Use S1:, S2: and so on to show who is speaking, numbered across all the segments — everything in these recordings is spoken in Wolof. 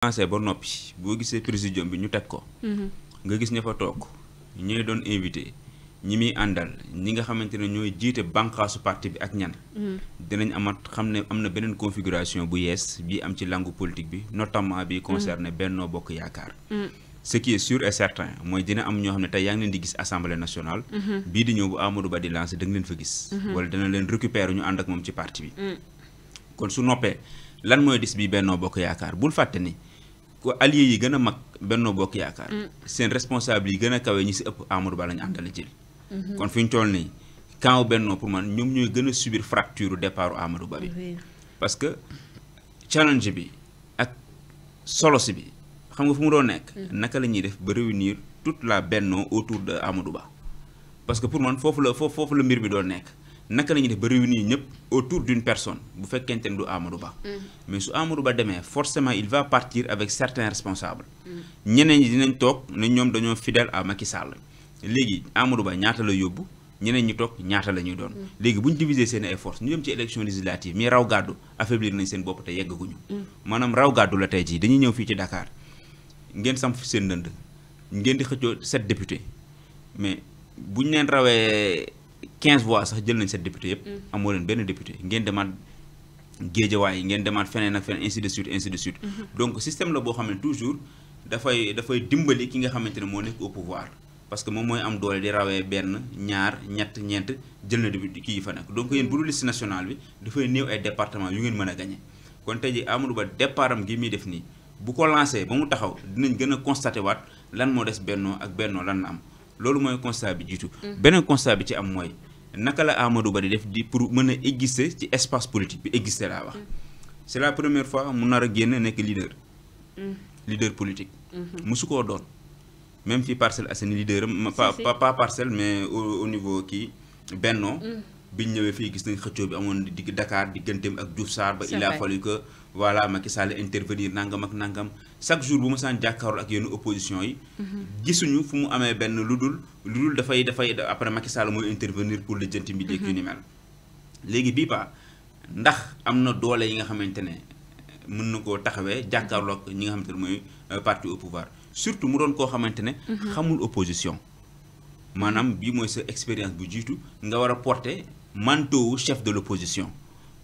S1: commencé ba noppi boo gisee présidium bi ñu teg ko mhm. nga gis ña fa toog ñooy doon invité ñi muy àndal ñi nga xamante ne ñooy jiite bànqaasu parti bi ak ñan mhm. dinañ amat xam ne am na beneen configuration bu yees bii am ci langue politique bi notamment bi concerné mhm. Benno Bokk Yaakaar ce qui est sûr et certain mooy dina am ñoo xam ne tey yaa ngi leen di gis assemblée national bii di ñëw bu Amadou Ba di lancé da nga leen fa gis wala dana leen récupérer ñu ànd ak moom ci parti bi kon su noppee lan mooy dis bi Benno Yaakaar bul fàtte ko allié yi gën a mag Benno Bokk Yaakaar. Mm. seen responsable yi gën a kawe ñi si ëpp Amadou Ba la ñu àndale jël. Mm-hmm. kon fi ñu toll nii camp Benno pour man ñoom ñooy gën a subir fracture départ Amadou Ba bi. parce que challenge bi ak solo bi xam nga fu mu doon nekk. Mm. naka la ñuy def ba réunir toute la Benno autour de Amadou Ba. parce que pour man foofu la foofu la mbir bi doon nekk. naka la ñuy def ba réunir autour d'une personne bu fekkente du Amadou Ba. Mm. mais su Amadou Ba demee forcément il va partir avec certains responsables. Mm. ñeneen ñi dinañ tok ne ñoom dañoo fidèle à Macky Sall léegi Amadou Ba ñaata la yobbu ñeneen ñu tok ñaata la ñuy doon. Mm. légui buñ diviser seen efforts ñu dem ci élection législative mi raw gaddu affaiblir nañ seen bop te yeggaguñu. manam raw gaddu la tay ji dañuy ñëw fi ci Dakar ngeen sam fi seen ndënd ngeen di xëccoo sept députés mais buñ leen rawee. 15 voix sax jël nañ député yëpp. Mm. amoo benn député ngeen des ngeen demande ak ainsi de suite ainsi de suite. Mm-hmm. donc système la boo toujours dafay dafay dimbali ki nga au pouvoir. parce que moom mooy am doole di ñaar jël na député donc bu liste nationale bi département yu a kon tey ji Amadou Ba départ gi muy def nii bu ko lancé a constaté waat lan moo des bennoo ak bennoo lan na am loolu mooy constat mm nakala la Amadou bari def di pour meuna exister ci espace politique bi exister la wax mm. c'est la première fois mu nar a leader. Mm. leader politique. Mm-hmm. musu koo même fi Parcelles Assainies leader pas pas parcelle mais au niveau qui Benno. Mm. biñ ñëwé fii gis nañ xëccoo bi amon di Dakar digganteem ak Diouf Sar ba il a fallu que voilà Macky Sall intervenir nangam ak nangam chaque jour bu ma saan jàkkaarloo ak yenn opposition yi. gisuñu fumu amé ben ludul ludul da fay da fay après Macky Sall moy intervenir pour le mbir yeeg yu ni mel. légui bi pa ndax amna na doole yi nga xamante mën na taxawé taxawee jàkkaarloo ñi nga xamante moy euh, parti au pouvoir surtout mu don ko xamante xamul opposition. manam bi moy sa expérience bu jitu nga wara porter manteau chef de l'opposition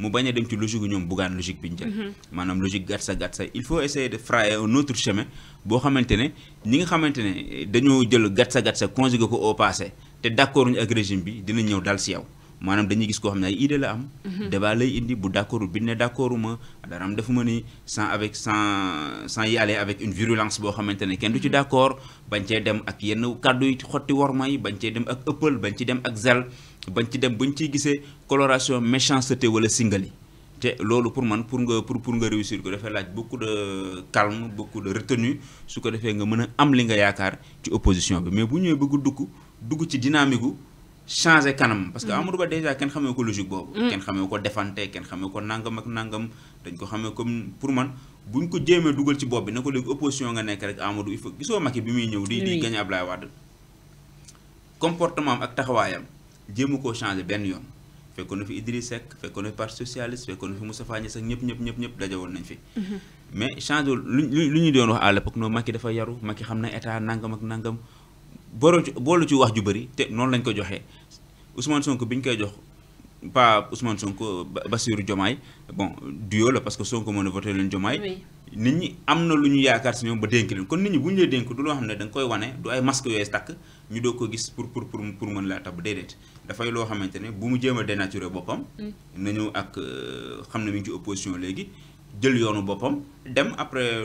S1: mu bañ a dem ci logique ñoom buggaan logique biñu ñu jël mhm. maanaam logique gatsa gatsa il faut essayer de frayer un autre chemin bo xamantene ñi nga xamantene dañu jël gatsa gatsa conjugué ko au passé té d'accord ñu ak régime bi dina ñëw dal ci yow manam dañuy gis ko xamna ay idée la am mhm. débat lay indi bu d'accord bi ne d'accord ma dara am defuma ni sans avec sans sans y aller avec une virulence bo xamantene ne kenn du ci mhm. d'accord bañ ci dem ak yenn kàddu yi xotti worma yi bañ ci dem ak ëppal bañ ci dem ak zel bañ ci dem bañ ciy gisee coloration t wala singali te loolu pour man pour nga pour pour nga réussir ko dafay laaj beaucoup de calme beaucoup de retenue su ko defee nga mën a am li nga yaakaar ci opposition bi mais bu ñëwee bëgg dugg dugg ci dynamique gu changer kanam. parce que mm. Amadou Ba déjà kenn xamee ko logique boobu. Mm. kenn xamee ko defante kenn xamee ko nangam ak nangam dañ ko xamee comme pour man bu buñ ko jéemee dugal ci bopp bi na ko léegi opposition nga nekk rek Amadou il faut gisoo bi muy ñëw. di di gagné Ablaye Wade ak taxawaayam. jéemu koo changé benn yoon fekkoon na fi Idriss Seck fekkoon na fi parti socialiste fekkoon na fi Moustapha Niasse ak ñëpp ñëpp ñëpp ñëpp dajawoon nañ fi mm-hmm. mais changé lu lu ñu doon wax à l'époque noonu Macky dafa yaru Macky xam na état nangam ak nangam boolu ci boolu ci wax ju bëri te noonu lañ ko joxee Ousmane Sonko bi ñu koy jox pas Ousmane Sonko Bassirou Diomaye bon duo parce que Sonko Diomaye si ñoom ne da koy du ay masque gis pour pour dem après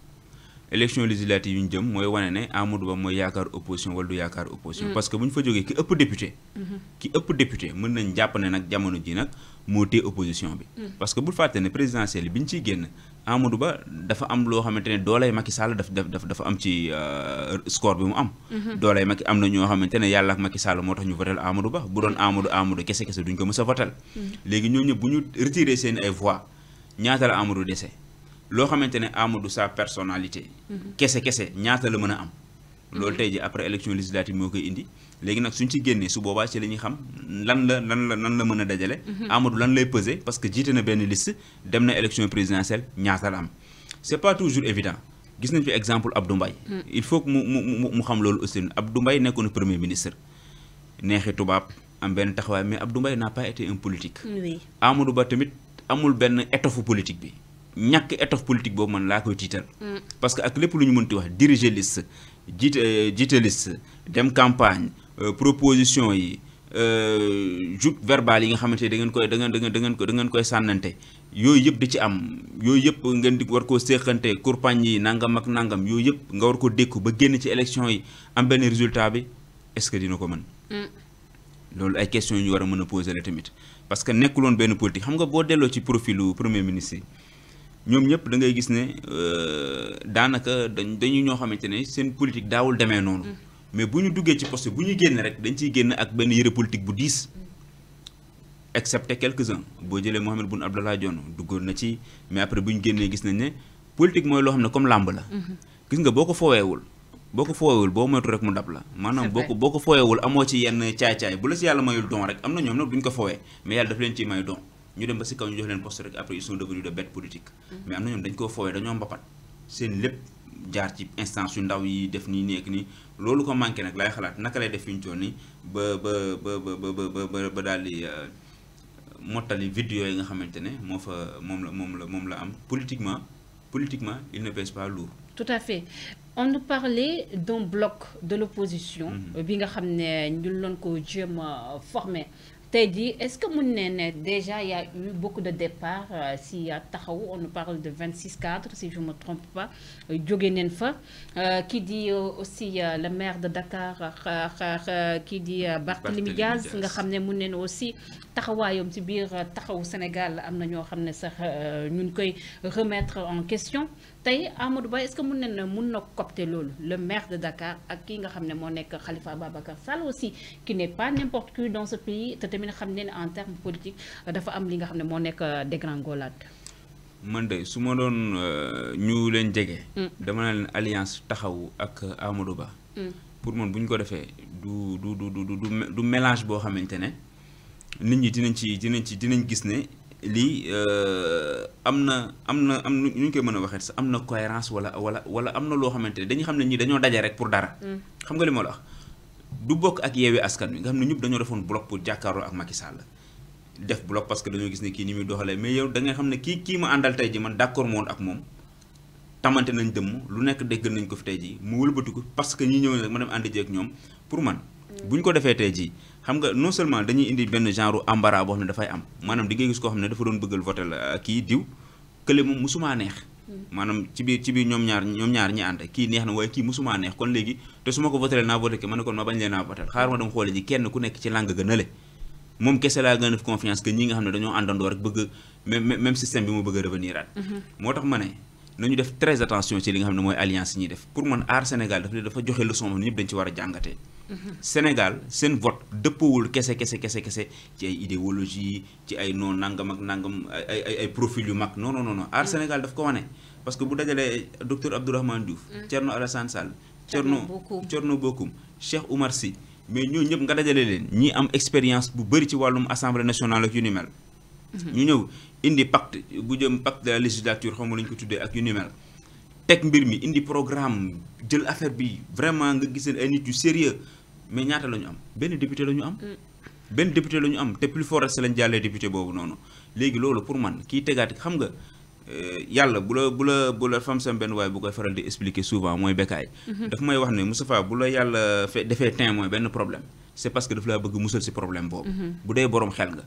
S1: élection législative yi ñu jëm mooy wane ne Amadou Ba mooy yaakaar opposition wala du yaakaar opposition. Mm. parce que bu ñu fa jógee ki ëpp député. Mm-hmm. ki ëpp député mën nañ jàpp ne nag jamono ji nag moo téye opposition bi. Mm. parce que bu fàtte ne présidentielle bi ñu ciy génn Amadou Ba dafa am loo xamante ne doolay Macky Sall daf daf dafa am ci euh, score bi mu am. Mm-hmm. doolay Macky am na ñoo xamante ne yàlla ak Macky moo tax ñu votel Amadou Ba bu doon mm. Amadou Amadou kese kese duñ ko mës a votel. léegi ñooñu bu ñu seen ay voix ñaata la Amadou dese. lo xamante ne Amadou sa personnalité. qu'est-ce mhm. ñaata le mën a am. Mhm. loolu tey après élection législative moo koy indi légui nak suñ ci génnee su boba ci la xam lan la lan la lan la mën a mhm. Amadou lan lay peser parce que jiite na ben liste dem na élection présidentielle ñaata la am c'est pas toujours évident. gis nañ fi exemple Abdou Mbaye il faut que mu mu mu xam loolu aussi Abdou Mbaye nekkoon premier ministre neexi tubaab am ben taxawaay mais Abdou Mbaye n'a pas été un politique. Amadou Ba tamit amul ben étoffe politique bi. ñàkk étoffe politique boobu man laa koy tiital. Mm. parce que ak lépp lu ñu mënti wax diriger liste jiite euh, jiite liste dem campagne euh, proposition yi euh, joute verbale yi nga xamante ne da ngeen koy da ngeen da ngeen da ngeen koy sànnante yooyu yëpp di ci am yooyu yëpp ngeen di war koo séqante campagne yi nangam ak nangam yooyu yëpp nga war ko dékku ba génn ci élection yi am benn résultat bi est-ce que dina ko mën. Mm. loolu ay questions yu ñu war a mën a poser la tamit parce que nekkuloon benn politique xam nga boo delloo ci profilu premier ministre ñoom ñëpp da ngay gis ne euh, daanaka dañ dañu ñoo xamante ne seen politique daawul demee noonu. Mm. mais bu ñu duggee ci poste bu ñu génn rek dañ ciy génn ak benn yëre politique bu diis. Mm. excepté quelques-uns boo jëlee Mohamed Boun Abdallah Dionne duggoon na ci mais après bu ñu génnee gis nañ ne politique mooy loo xam ne comme làmb la. Mm-hmm. gis nga boo ko fooweewul boo ko fooweewul boo moytu rek mu dab la. maanaam boo ko boo ko fooweewul amoo ci yenn caay-caay bu la si yàlla mayul don rek am na ñoom nag ko foowee mais yàlla daf leen ñu dem ba ci kaw ñu jox leen poste rek après ils sont devenus de bêtes politiques. Mm-hmm. mais am na ñoom dañ koo foowee dañoo mbapat seen lépp jaar ci instance yu ndaw yi def nii nekk nii loolu ko manqué nag laay xalaat naka lay def fi ñu toll nii ba ba ba ba ba ba daal di euh, mottali vidéo yi nga xamante ne moo fa moom la moom la moom la am politiquement politiquement il ne pèse pas lourd.
S2: tout à fait on nous parlait d'un bloc de l'opposition mm-hmm. bi nga xam ne ñu loon ko jéem a former tey est-ce que mun déjà il y a eu beaucoup de départs euh, si taxaw on nous parle de 26 4 si je me trompe pas euh, jóge qui fa euh, qui dit aussi le maire de Dakar qui dit Barthélémy gaz nga xam ne nous aussi taxawaayam ci biir taxawu Sénégal am na ñoo Sénégal ne sax remettre en question tey Amadou Bay, est-ce que mun ne mun le maire de Dakar ak ki nga xam Khalifa Ababacar Sall aussi qui n'est pas n'importe qui dans ce pays tamit xam ne en terme politique dafa am li nga xam ne moo nekk euh, dégringolade.
S1: man de su ma doon euh, ñu leen jege. Mm. dama ne leen alliance taxaw ak Amadou Ba. Mm. pour man bu ñu ko defee du du du du du mélange boo xamante ne nit ñi dinañ ci dinañ ci dinañ gis ne lii euh, am na am na am nu ñu koy mën a waxee sax am na cohérence wala wala wala am na loo xamante ne dañuy xam ne ñii dañoo daje rek pour dara. Mm. xam nga li ma la du bokk ak yeewee askan wi nga xam ne ñëpp dañoo defoon bloc pour jàkkaarloo ak Macky Sall def bloc parce dañoo gis ne kii ni muy doxalee mais yow da nga xam ne kii kii ma àndal tey ji man d'accord moon ak moom tamante nañ dëmm lu nekk dégg nañ ko fi tey ji mu wëlbatu ko parce que ñi ñëw ne rek ma dem ànd ak ñoom pour man bu ñu ko defee tey ji xam nga non seulement dañuy indi benn genre ambara boo xam ne dafay am maanaam di ngay gis koo xam ne dafa doon bëggal voter la kii diw kële neex maanaam ci biir ci biir ñoom ñaar ñoom ñaar ñi ànd kii neex na waaye kii musuma neex kon léegi te su ma ko votélee naa voté ki ma kon ma bañ leen naa voté xaar ma dem xoole ji kenn ku nekk ci làng ga nële moom kese laa gën a confiance que ñi nga xam ne dañoo àndandoo rek bëgg même même système bi mu bëgg a mhm. moo tax ma ne nañu def très attention ci li nga xam ne alliance yi def pour man ar Sénégal dafa dafa joxe leçon moom ñëpp dañ ci war a jàngatee. Mhm. Sénégal seen vote dëppoowul kese kese kese kese ci ay idéologie ci ay non nangam ak nangam ay ay ay profil yu mac. non non non Ar mhm. Sénégal daf ko wane. parce que bu le docteur Abdourahmane Diouf. Mhm. Thierno Alassane Sal, Thierno Bocoum Thierno Cheikh Oumar Sy mais ñoo ñëpp nga dajale leen. ñi am expérience bu bëri ci wàllum assemblée nationale ak yu nous mel. ñu indi pacte bu jëm pacte de la législature xaw ma lu ñu ko tuddee ak yu ñu mel tek mbir mi indi programme jël affaire bi vraiment nga giseen ay nit yu sérieux mais ñaata lañu am ben député lañu am. ben député lañu am té plus fort lañ jàllee député bobu noonu légui lolu pour man ki tégaat xam nga euh, yàlla bu la bu la bu la fam sam benn waay bu koy faral di expliquer souvent moy bekkaay. Mm-hmm. daf may wax ne Moustapha bu la yàlla fe defee témoin ben problème c'est parce que daf la bëgg mussel ci problème bobu mm-hmm. bu dé borom xel nga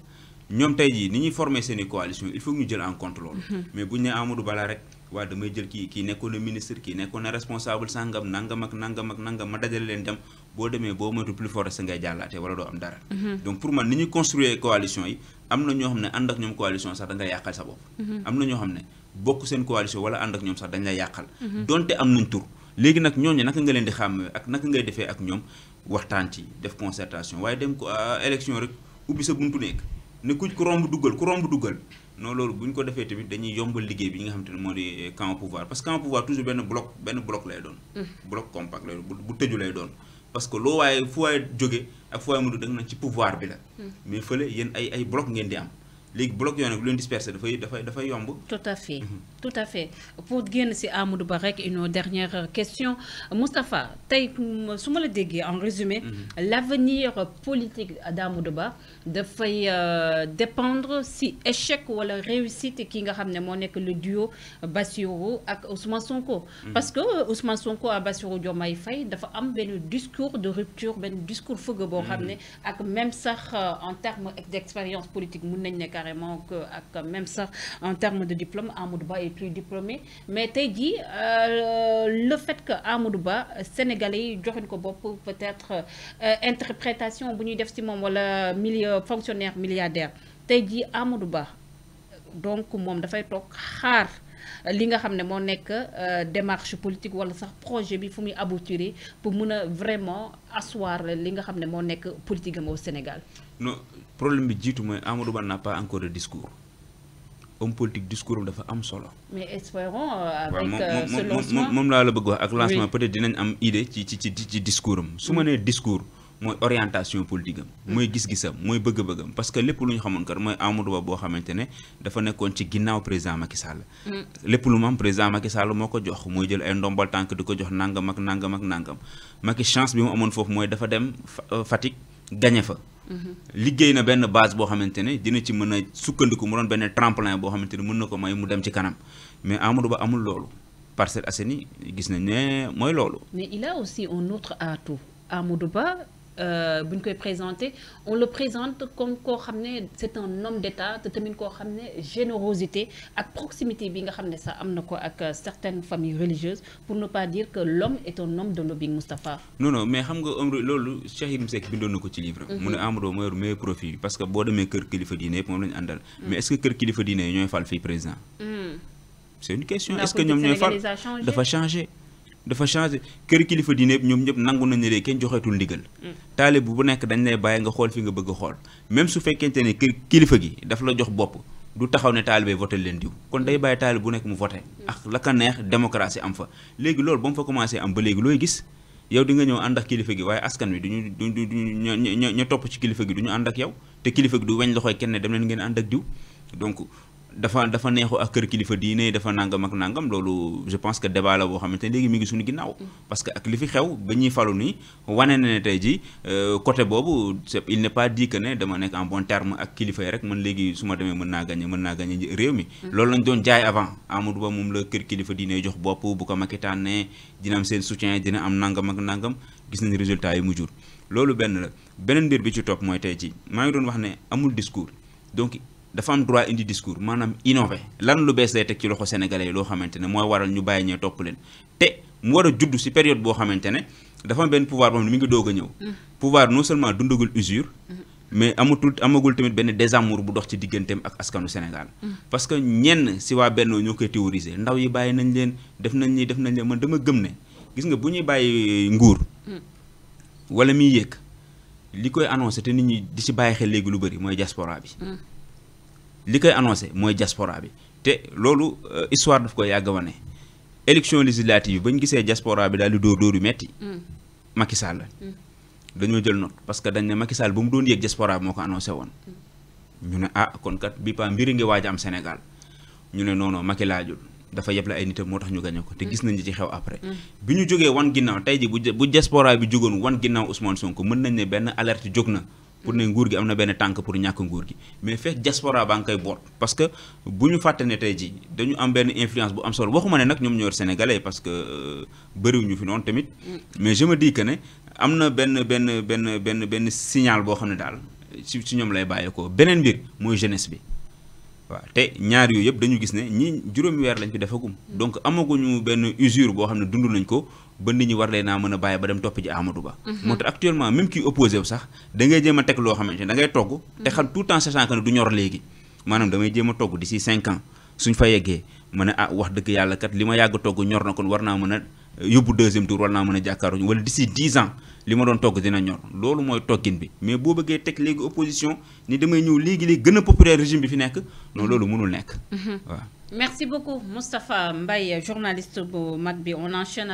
S1: ñom tay ji ni ñi former seen coalition il faut ñu jël en compte loolu. Mm-hmm. mais buñ né Amadou bala la rek waa damay jël ki kii nekkoon na ministre kii nekkoon na responsable sangam nangam ak nangam ak nangam ma dajale leen dem bo démé bo moytu plus fort sa ngay jàllaate wala do am dara. Mm-hmm. donc pour man ni ñi construire coalition yi amna ño xamné xam ne ak ñoom coalition sax da nga yàqal sa bop mm-hmm. amna ño xamné xam ne bokk seen coalition wala ànd ak ñoom sax dañ lay yàqal. donté am nañ tour légui nak ñoñu nak nga leen di xam ak nak nga defee ak ñom waxtaan ci def concertation waye dem ko ah, élection rek ubi sa buntu nek ne ku ku romb duggal ku romb duggal non loolu bu ñu ko defee tamit dañuy yombal liggéey bi ñi nga xam te ne moo di eh, camp pouvoir parce que camp pouvoir toujours benn bloc benn bloc lay doon. Mm. bloc compact lay doon bu tëju lay doon. parce que loo waaye fu waaye jóge ak fu waaye mu dugg da nga ci pouvoir bi la. Mm. mais fële yéen ay ay bloc ngeen di am. les blocs qui ont lu il dispersé dafay dafay
S2: tout à fait mhm. tout à fait pour terminer, c'est Amadou Ba une dernière question Moustapha mm, si je en résumé. Mhm. l'avenir politique d'Amou de Ba de euh, dépendre si échec la réussite qui nga ramené le duo Bassirou et Ousmane Sonko. Mhm. parce que Ousmane Sonko et Bassirou ont Faye discours de rupture un discours de boo xam même ça euh, en termes d'expérience politique carrément que même ça en termes de diplôme à est plus diplômé mais as dit euh, le fait que Amadou sénégalais yi peut-être euh, interprétation bu ñuy def ci milieu fonctionnaire milliardaire tay dit Amadou Ba donc monde fay tok xaar li nga xam mo nek euh, démarche politique wala sax projet bi fu muy aboutir pour pouvoir vraiment asseoir li nga xam mo nek politique am au Sénégal.
S1: non problème bi jiitu mooy Amadou Ba n'a pas encore de discours homme politique discours dafa am solo.
S2: mais espérons euh, avec euh, ce lancement moom
S1: laa la bëgg wax ak lancement peut-être dinañ am idée ci ci ci discours am discours moy orientation politique moy gis-gisam moy bëgg-bëggam parce que lepp luñu xamone xamoon moy mooy Amadou Ba boo xamante dafa nekkon ci ginnaw président Macky Sall. Mm. lepp lu mam président Macky Sall moko jox moy jël ay ndombal tànk diko jox nangam ak nangam ak nangam Macky chance bi mu amone fofu moy dafa dem euh, Fatick gañe fa. Mm-hmm. liggéey na benn base boo xamante ne dina ci mën a sukkandiku mu doon benn tremplin boo xamante ne mën na ko may mu dem ci kanam mais Amadou Ba amul loolu Parcelles Assainies gis nañ ne mooy loolu.
S2: mais il a aussi un autre atout Amadou Ba. Euh, buñ koy présenter on le présente comme koo xam c'est un homme d'État te tamit koo xam générosité ak proximité bi nga xam ne sax am ko ak euh, certaines familles religieuses pour ne pas dire que l'homme est un homme de lobbying Moustapha
S1: non non mais xam nga Omar loolu Cheikh Yérim Seck ko ci livre mhm. mu ne Amadou mooy yor meilleur profit bi parce que boo demee kër kilifa diine yëpp moom lañu àndal mhm. mais est-ce que kër kilifa diine ñooy fal fii président mhm. c'est une question est-ce que ñoom ñooy fal dafa changé dafa changé kër kilifa diine ñoom ñëpp nangu nañu ne kenn joxeetul ndigal. Mm. taalib bu nekk dañ lay bàyyi nga xool fi nga bëgg xool même su fekkente ni kër kilifa gi daf la jox bopp du taxaw ne taalibay voté leen diw kon day bàyyi taalib bu nekk mu voté. Mm. ak la ka neex démocratie am fa léegi loolu ba mu fa commencé am ba léegi looy gis yow di nga ñëw ànd ak kilifa gi waaye askan wi du ñu du ñu topp ci kilifa gi du ñu ànd ak yow te kilifa gi du weñ loxoy kenn dem leen ngeen ànd ak diw donc. dafa dafa neexu ak kër kilifa diine dafa nangam ak nangam loolu je pense que débat la boo xamante ne léegi mi ngi suñu ginnaaw. Mm. parce que ak li fi xew ba ñuy falu nii wane na ne tey jii euh, côté boobu il n'est pas dit que ne dama nekk en bon terme ak kilifa yi rek man léegi su ma demee mën naa gagné mën naa gagné réew mi. Mm. loolu lañ doon jaay avant Amadou Ba moom la kër kilifa diine jox bopp bu ko makitaan ne dina am seen soutien dina am nangam ak nangam gis nañ résultat yi mu jur. loolu benn la beneen mbir bi ci topp mooy tey jii maa ngi doon wax ne amul discours dafa am droit indi discours manam innover lan lu bees lay teg ci loxo sénégalais lo xamantene moy waral ñu bayé ñee topp leen te mu wara judd ci période bo xamantene ne dafa am benn pouvoir bam mi ngi doga ñew mm. pouvoir non seulement dundugul usure. Mm. mais amatul amagul tamit ben désamour bu dox ci digëntem ak askanu Sénégal. Mm. parce que ñenn si wa Benno ñokay théoriser ndaw yi bayé nañ leen def nañ ni def nañ leen man dama gëm né gis nga bu ñuy bayé euh, nguur. wala mi yëg li koy annoncer té nit ñi di ci bayé xel légui lu bari moy diaspora bi. li koy annoncé mooy diaspora bi te loolu euh, histoire daf koy yàgg wane élection législative ba ñu gisee diaspora bi daal di dóor dóor yu metti mm. Macky Sall la mm. dañoo jël note parce que dañ ne Macky Sall ba mu doon yéeg diaspora bi moo ko annoncé woon
S3: mm.
S1: ñu ne ah kon kat bi pa mbiri ngi waaj am Sénégal ñu ne noonoo Macky laajul dafa yeb la ay nitam moo tax ñu gañe ko te gis nañ nañu ci xew après bi ñu jógee wan ginnaaw tey ji bu diaspora bi jógoon wan ginnaaw Ousmane Sonko mën nañ ne benn alerte jóg na pour ne nguur gi am na benn tànk pour ñàkk nguur gi mais fekk diaspora baa ngi koy boot parce bu ñu fàtte ne tey ji dañu am benn influence bu am solo waxuma ne nag ñoom ñoo sénégalais parce que euh, bëriwu ñu fi noonu tamit mm. mais je me dis que ne am na benn benn benn benn benn signal boo xam ne daal si si ñoom lay bàyyeekoo beneen mbir mooy jeunesse bi waaw te ñaar yooyu yëpp dañu gis ne ñi juróomi weer lañ fi defagum mm. donc amaguñu benn usure boo xam ne dundu nañ ko ba nit ñi war leen naa mën a bàyyi ba dem topp ji Amadou Ba. Mhm. moo tax actuellement même kii opposé wu sax da jéem a teg loo xamante ne da togg. te xam tout temps sachant que ne du ñor léegi maanaam damay jéem a togg d'ici cinq ans suñ fa yeggee ma ne ah wax dëgg yàlla kat li ma yàgg togg ñor na kon war naa mën a yóbbu deuxième tour war naa mën a jàkkaarloo wala d'ici dix ans li ma doon togg dina ñor loolu mooy toggin bi mais boo bëggee teg léegi opposition
S2: a